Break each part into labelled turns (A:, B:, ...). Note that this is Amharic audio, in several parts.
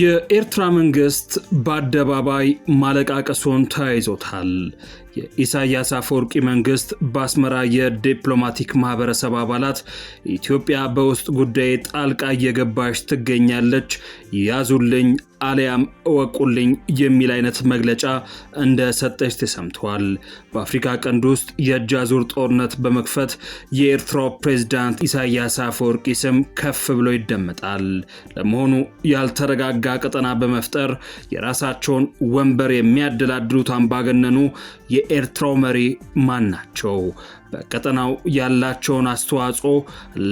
A: የኤርትራ መንግስት በአደባባይ ማለቃቀሱን ተያይዞታል። የኢሳያስ አፈወርቂ መንግስት በአስመራ የዲፕሎማቲክ ማህበረሰብ አባላት ኢትዮጵያ በውስጥ ጉዳይ ጣልቃ እየገባች ትገኛለች፣ ያዙልኝ አሊያም እወቁልኝ የሚል አይነት መግለጫ እንደሰጠች ተሰምተዋል። በአፍሪካ ቀንድ ውስጥ የእጅ አዙር ጦርነት በመክፈት የኤርትራው ፕሬዝዳንት ኢሳያስ አፈወርቂ ስም ከፍ ብሎ ይደመጣል። ለመሆኑ ያልተረጋጋ ቀጠና በመፍጠር የራሳቸውን ወንበር የሚያደላድሉት አምባገነኑ የኤርትራው መሪ ማን ናቸው? በቀጠናው ያላቸውን አስተዋጽኦ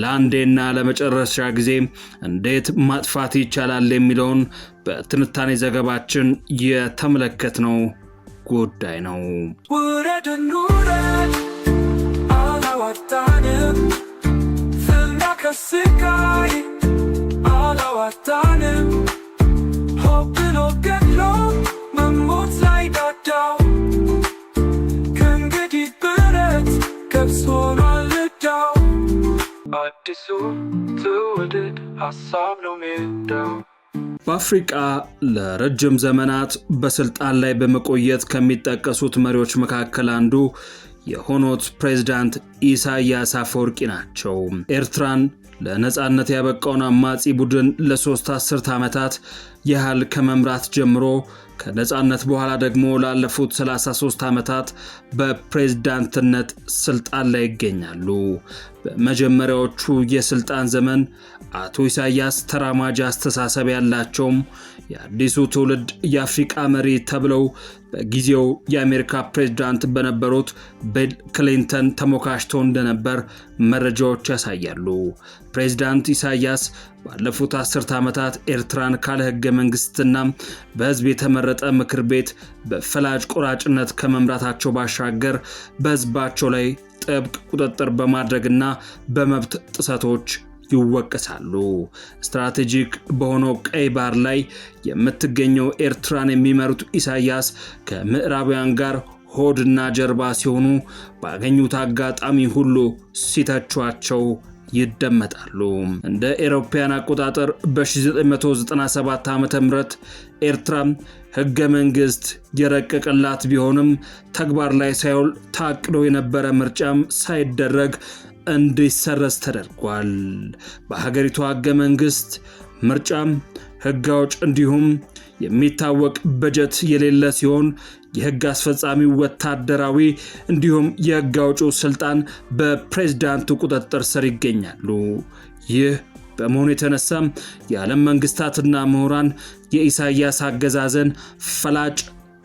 A: ለአንዴና ለመጨረሻ ጊዜ እንዴት ማጥፋት ይቻላል የሚለውን በትንታኔ ዘገባችን የተመለከትነው ጉዳይ ነው። ውረድ እንውረድ አላዋጣንም፣ ፍና አላዋጣንም። በአፍሪቃ ለረጅም ዘመናት በስልጣን ላይ በመቆየት ከሚጠቀሱት መሪዎች መካከል አንዱ የሆኑት ፕሬዚዳንት ኢሳያስ አፈወርቂ ናቸው። ኤርትራን ለነፃነት ያበቃውን አማጺ ቡድን ለሶስት አስርት ዓመታት ያህል ከመምራት ጀምሮ ከነፃነት በኋላ ደግሞ ላለፉት 33 ዓመታት በፕሬዝዳንትነት ስልጣን ላይ ይገኛሉ። በመጀመሪያዎቹ የስልጣን ዘመን አቶ ኢሳያስ ተራማጅ አስተሳሰብ ያላቸውም የአዲሱ ትውልድ የአፍሪቃ መሪ ተብለው በጊዜው የአሜሪካ ፕሬዝዳንት በነበሩት ቢል ክሊንተን ተሞካሽቶ እንደነበር መረጃዎች ያሳያሉ። ፕሬዝዳንት ኢሳያስ ባለፉት አስርት ዓመታት ኤርትራን ካለ ህገ መንግስትና በህዝብ የተመረጠ ምክር ቤት በፈላጭ ቆራጭነት ከመምራታቸው ባሻገር በህዝባቸው ላይ ጥብቅ ቁጥጥር በማድረግና በመብት ጥሰቶች ይወቅሳሉ። ስትራቴጂክ በሆነው ቀይ ባህር ላይ የምትገኘው ኤርትራን የሚመሩት ኢሳያስ ከምዕራባውያን ጋር ሆድና ጀርባ ሲሆኑ ባገኙት አጋጣሚ ሁሉ ሲተቿቸው ይደመጣሉ። እንደ ኤሮፓያን አቆጣጠር በ1997 ዓ ም ኤርትራ ህገ መንግስት የረቀቀላት ቢሆንም ተግባር ላይ ሳይውል ታቅዶ የነበረ ምርጫም ሳይደረግ እንዲሰረዝ ተደርጓል። በሀገሪቱ ህገ መንግስት ምርጫም ህግ አውጭ እንዲሁም የሚታወቅ በጀት የሌለ ሲሆን የህግ አስፈጻሚው ወታደራዊ እንዲሁም የህግ አውጪው ስልጣን በፕሬዝዳንቱ ቁጥጥር ስር ይገኛሉ። ይህ በመሆኑ የተነሳም የዓለም መንግስታትና ምሁራን የኢሳያስ አገዛዘን ፈላጭ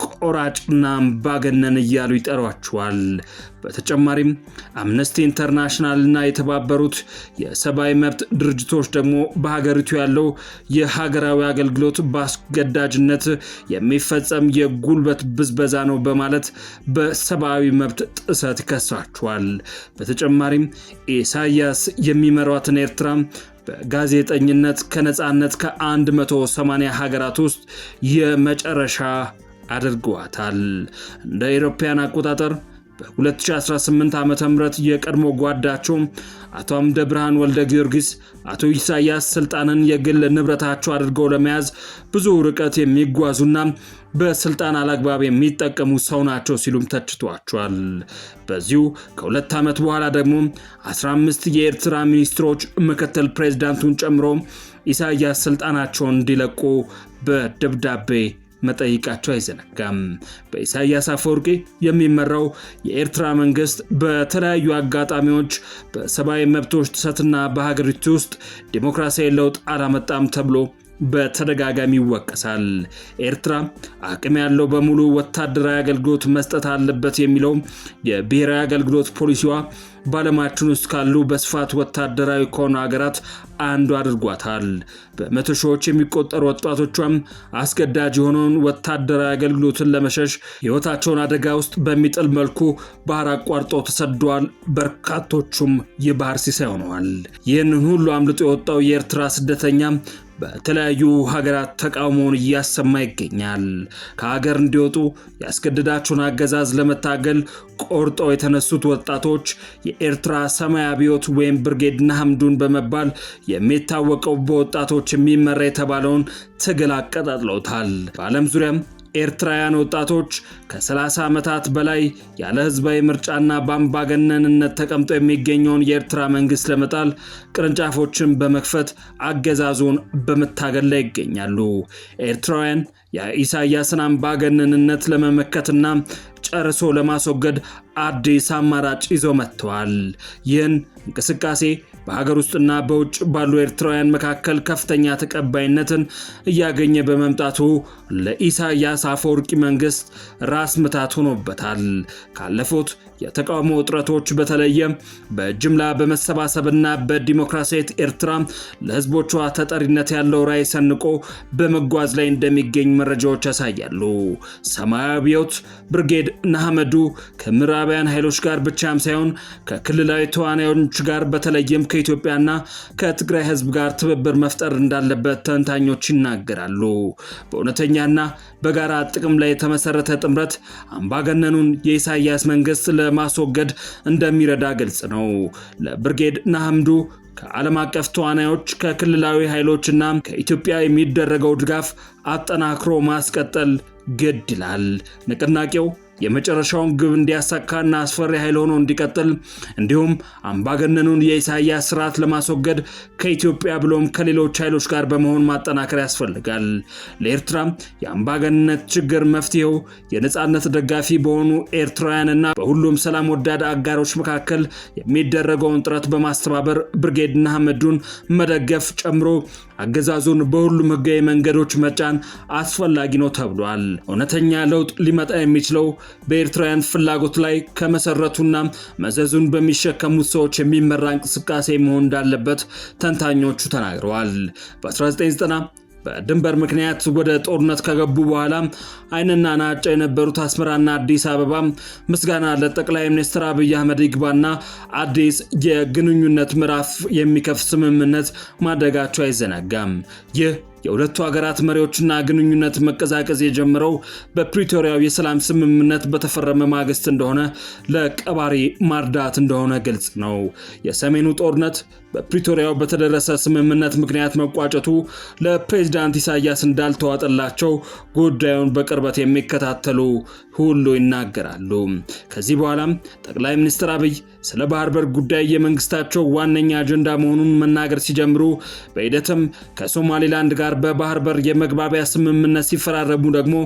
A: ቆራጭና አምባገነን እያሉ ይጠሯቸዋል። በተጨማሪም አምነስቲ ኢንተርናሽናል እና የተባበሩት የሰብአዊ መብት ድርጅቶች ደግሞ በሀገሪቱ ያለው የሀገራዊ አገልግሎት በአስገዳጅነት የሚፈጸም የጉልበት ብዝበዛ ነው በማለት በሰብአዊ መብት ጥሰት ይከሳቸዋል። በተጨማሪም ኢሳያስ የሚመሯትን ኤርትራ በጋዜጠኝነት ከነፃነት ከ180 ሀገራት ውስጥ የመጨረሻ አድርገዋታል። እንደ አውሮፓውያን አቆጣጠር በ2018 ዓ ም የቀድሞ ጓዳቸው አቶ አምደ ብርሃን ወልደ ጊዮርጊስ አቶ ኢሳያስ ስልጣንን የግል ንብረታቸው አድርገው ለመያዝ ብዙ ርቀት የሚጓዙና በስልጣን አላግባብ የሚጠቀሙ ሰው ናቸው ሲሉም ተችቷቸዋል። በዚሁ ከሁለት ዓመት በኋላ ደግሞ 15 የኤርትራ ሚኒስትሮች ምክትል ፕሬዚዳንቱን ጨምሮ ኢሳያስ ስልጣናቸውን እንዲለቁ በደብዳቤ መጠይቃቸው አይዘነጋም። በኢሳያስ አፈወርቂ የሚመራው የኤርትራ መንግስት በተለያዩ አጋጣሚዎች በሰብአዊ መብቶች ጥሰትና በሀገሪቱ ውስጥ ዲሞክራሲያዊ ለውጥ አላመጣም ተብሎ በተደጋጋሚ ይወቀሳል። ኤርትራ አቅም ያለው በሙሉ ወታደራዊ አገልግሎት መስጠት አለበት የሚለው የብሔራዊ አገልግሎት ፖሊሲዋ በዓለማችን ውስጥ ካሉ በስፋት ወታደራዊ ከሆኑ ሀገራት አንዱ አድርጓታል። በመቶ ሺዎች የሚቆጠሩ ወጣቶቿም አስገዳጅ የሆነውን ወታደራዊ አገልግሎትን ለመሸሽ ሕይወታቸውን አደጋ ውስጥ በሚጥል መልኩ ባህር አቋርጠው ተሰደዋል። በርካቶቹም የባህር ሲሳይ ሆነዋል። ይህንን ሁሉ አምልጦ የወጣው የኤርትራ ስደተኛ በተለያዩ ሀገራት ተቃውሞውን እያሰማ ይገኛል። ከሀገር እንዲወጡ ያስገድዳቸውን አገዛዝ ለመታገል ቆርጦ የተነሱት ወጣቶች የኤርትራ ሰማይ አብዮት ወይም ብርጌድና ሐምዱን በመባል የሚታወቀው በወጣቶች የሚመራ የተባለውን ትግል አቀጣጥለውታል። በዓለም ዙሪያም ኤርትራውያን ወጣቶች ከ30 ዓመታት በላይ ያለ ህዝባዊ ምርጫና በአምባገነንነት ተቀምጦ የሚገኘውን የኤርትራ መንግስት ለመጣል ቅርንጫፎችን በመክፈት አገዛዙን በመታገል ላይ ይገኛሉ። ኤርትራውያን የኢሳያስን አምባገነንነት ለመመከትና ጨርሶ ለማስወገድ አዲስ አማራጭ ይዞ መጥተዋል። ይህን እንቅስቃሴ በሀገር ውስጥና በውጭ ባሉ ኤርትራውያን መካከል ከፍተኛ ተቀባይነትን እያገኘ በመምጣቱ ለኢሳያስ አፈወርቂ መንግስት ራስ ምታት ሆኖበታል። ካለፉት የተቃውሞ ውጥረቶች በተለየ በጅምላ በመሰባሰብና በዲሞክራሲያዊት ኤርትራ ለህዝቦቿ ተጠሪነት ያለው ራዕይ ሰንቆ በመጓዝ ላይ እንደሚገኝ መረጃዎች ያሳያሉ። ሰማያዊ አብዮት ብርጌድ ናሐመዱ ከምዕራባውያን ኃይሎች ጋር ብቻም ሳይሆን ከክልላዊ ተዋናዮች ጋር በተለየም ከኢትዮጵያና ከትግራይ ህዝብ ጋር ትብብር መፍጠር እንዳለበት ተንታኞች ይናገራሉ። በእውነተኛና በጋራ ጥቅም ላይ የተመሰረተ ጥምረት አምባገነኑን የኢሳያስ መንግስት ለማስወገድ እንደሚረዳ ግልጽ ነው። ለብርጌድ ናሐምዱ ከዓለም አቀፍ ተዋናዮች ከክልላዊ ኃይሎችና ከኢትዮጵያ የሚደረገው ድጋፍ አጠናክሮ ማስቀጠል ግድ ይላል። ንቅናቄው የመጨረሻውን ግብ እንዲያሳካና አስፈሪ ኃይል ሆኖ እንዲቀጥል እንዲሁም አምባገነኑን የኢሳያስ ስርዓት ለማስወገድ ከኢትዮጵያ ብሎም ከሌሎች ኃይሎች ጋር በመሆን ማጠናከር ያስፈልጋል። ለኤርትራ የአምባገነንነት ችግር መፍትሄው የነፃነት ደጋፊ በሆኑ ኤርትራውያንና በሁሉም ሰላም ወዳድ አጋሮች መካከል የሚደረገውን ጥረት በማስተባበር ብርጌድ ንሓመዱን መደገፍ ጨምሮ አገዛዙን በሁሉም ህጋዊ መንገዶች መጫን አስፈላጊ ነው ተብሏል። እውነተኛ ለውጥ ሊመጣ የሚችለው በኤርትራውያን ፍላጎት ላይ ከመሰረቱና መዘዙን በሚሸከሙት ሰዎች የሚመራ እንቅስቃሴ መሆን እንዳለበት ተንታኞቹ ተናግረዋል። በ1990 በድንበር ምክንያት ወደ ጦርነት ከገቡ በኋላ አይንና ናጫ የነበሩት አስመራና አዲስ አበባ ምስጋና ለጠቅላይ ሚኒስትር አብይ አህመድ ይግባና አዲስ የግንኙነት ምዕራፍ የሚከፍት ስምምነት ማደጋቸው አይዘነጋም። ይህ የሁለቱ ሀገራት መሪዎችና ግንኙነት መቀዛቀዝ የጀመረው በፕሪቶሪያው የሰላም ስምምነት በተፈረመ ማግስት እንደሆነ ለቀባሪ ማርዳት እንደሆነ ግልጽ ነው። የሰሜኑ ጦርነት በፕሪቶሪያው በተደረሰ ስምምነት ምክንያት መቋጨቱ ለፕሬዚዳንት ኢሳያስ እንዳልተዋጠላቸው ጉዳዩን በቅርበት የሚከታተሉ ሁሉ ይናገራሉ። ከዚህ በኋላም ጠቅላይ ሚኒስትር አብይ ስለ ባህር በር ጉዳይ የመንግስታቸው ዋነኛ አጀንዳ መሆኑን መናገር ሲጀምሩ በሂደትም ከሶማሌላንድ ጋር በባህር በር የመግባቢያ ስምምነት ሲፈራረሙ ደግሞ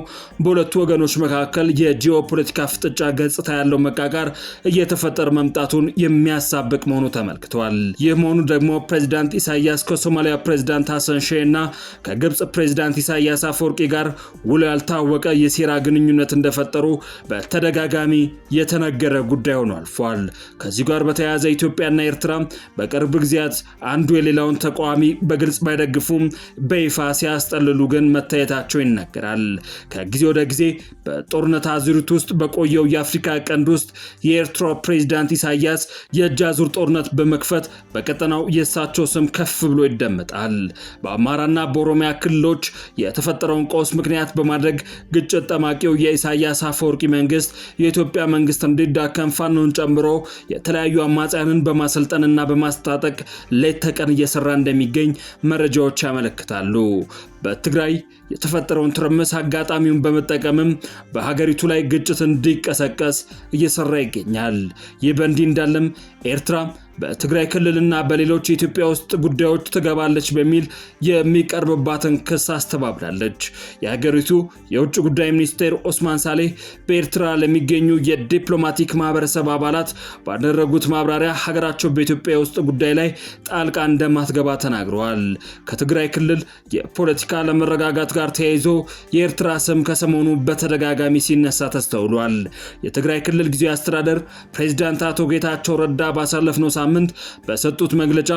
A: በሁለቱ ወገኖች መካከል የጂኦ ፖለቲካ ፍጥጫ ገጽታ ያለው መቃቃር እየተፈጠረ መምጣቱን የሚያሳብቅ መሆኑ ተመልክተዋል። ይህ መሆኑ ደግሞ ፕሬዚዳንት ኢሳያስ ከሶማሊያ ፕሬዚዳንት ሀሰን ሼህ እና ከግብፅ ፕሬዚዳንት ኢሳያስ አፈወርቂ ጋር ውሎ ያልታወቀ የሴራ ግንኙነት እንደፈጠሩ በተደጋጋሚ የተነገረ ጉዳይ ሆኖ አልፏል። ከዚህ ጋር በተያያዘ ኢትዮጵያና ኤርትራ በቅርብ ጊዜያት አንዱ የሌላውን ተቃዋሚ በግልጽ ባይደግፉም በይፋ ሲያስጠልሉ ግን መታየታቸው ይነገራል። ከጊዜ ወደ ጊዜ በጦርነት አዙሪት ውስጥ በቆየው የአፍሪካ ቀንድ ውስጥ የኤርትራ ፕሬዚዳንት ኢሳያስ የእጅ አዙር ጦርነት በመክፈት በቀጠናው የእሳቸው ስም ከፍ ብሎ ይደመጣል። በአማራና በኦሮሚያ ክልሎች የተፈጠረውን ቀውስ ምክንያት በማድረግ ግጭት ጠማቂው የኢሳያስ አፈወርቂ መንግስት የኢትዮጵያ መንግስት እንዲዳከም ፋኖን ጨምሮ የተለያዩ አማጽያንን በማሰልጠንና በማስታጠቅ ሌት ተቀን እየሰራ እንደሚገኝ መረጃዎች ያመለክታሉ። በትግራይ የተፈጠረውን ትርምስ አጋጣሚውን በመጠቀምም በሀገሪቱ ላይ ግጭት እንዲቀሰቀስ እየሰራ ይገኛል። ይህ በእንዲህ እንዳለም ኤርትራ በትግራይ ክልልና በሌሎች የኢትዮጵያ ውስጥ ጉዳዮች ትገባለች በሚል የሚቀርብባትን ክስ አስተባብላለች። የሀገሪቱ የውጭ ጉዳይ ሚኒስቴር ኦስማን ሳሌህ በኤርትራ ለሚገኙ የዲፕሎማቲክ ማህበረሰብ አባላት ባደረጉት ማብራሪያ ሀገራቸው በኢትዮጵያ ውስጥ ጉዳይ ላይ ጣልቃ እንደማትገባ ተናግረዋል። ከትግራይ ክልል የፖለቲካ ፖለቲካ አለመረጋጋት ጋር ተያይዞ የኤርትራ ስም ከሰሞኑ በተደጋጋሚ ሲነሳ ተስተውሏል። የትግራይ ክልል ጊዜያዊ አስተዳደር ፕሬዚዳንት አቶ ጌታቸው ረዳ ባሳለፍነው ሳምንት በሰጡት መግለጫ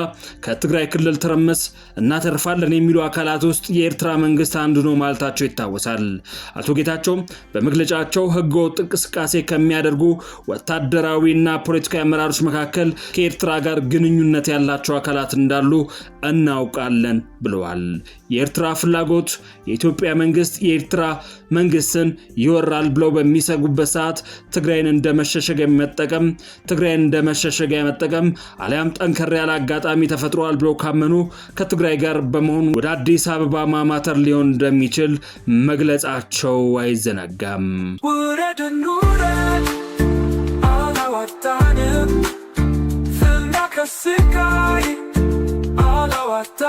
A: ከትግራይ ክልል ትርምስ እናተርፋለን የሚሉ አካላት ውስጥ የኤርትራ መንግስት አንዱ ነው ማለታቸው ይታወሳል። አቶ ጌታቸውም በመግለጫቸው ህገወጥ እንቅስቃሴ ከሚያደርጉ ወታደራዊና ፖለቲካዊ አመራሮች መካከል ከኤርትራ ጋር ግንኙነት ያላቸው አካላት እንዳሉ እናውቃለን ብለዋል። የኤርትራ ፍላጎት የኢትዮጵያ መንግስት የኤርትራ መንግስትን ይወራል ብለው በሚሰጉበት ሰዓት ትግራይን እንደ መሸሸጊያ መጠቀም ትግራይን እንደ መሸሸጊያ መጠቀም አሊያም ጠንከር ያለ አጋጣሚ ተፈጥሯል ብለው ካመኑ ከትግራይ ጋር በመሆን ወደ አዲስ አበባ ማማተር ሊሆን እንደሚችል መግለጻቸው አይዘነጋም። ውረድ አላዋጣንም አላዋጣ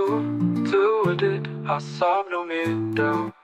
A: du, du og dit har samlet nu mit dag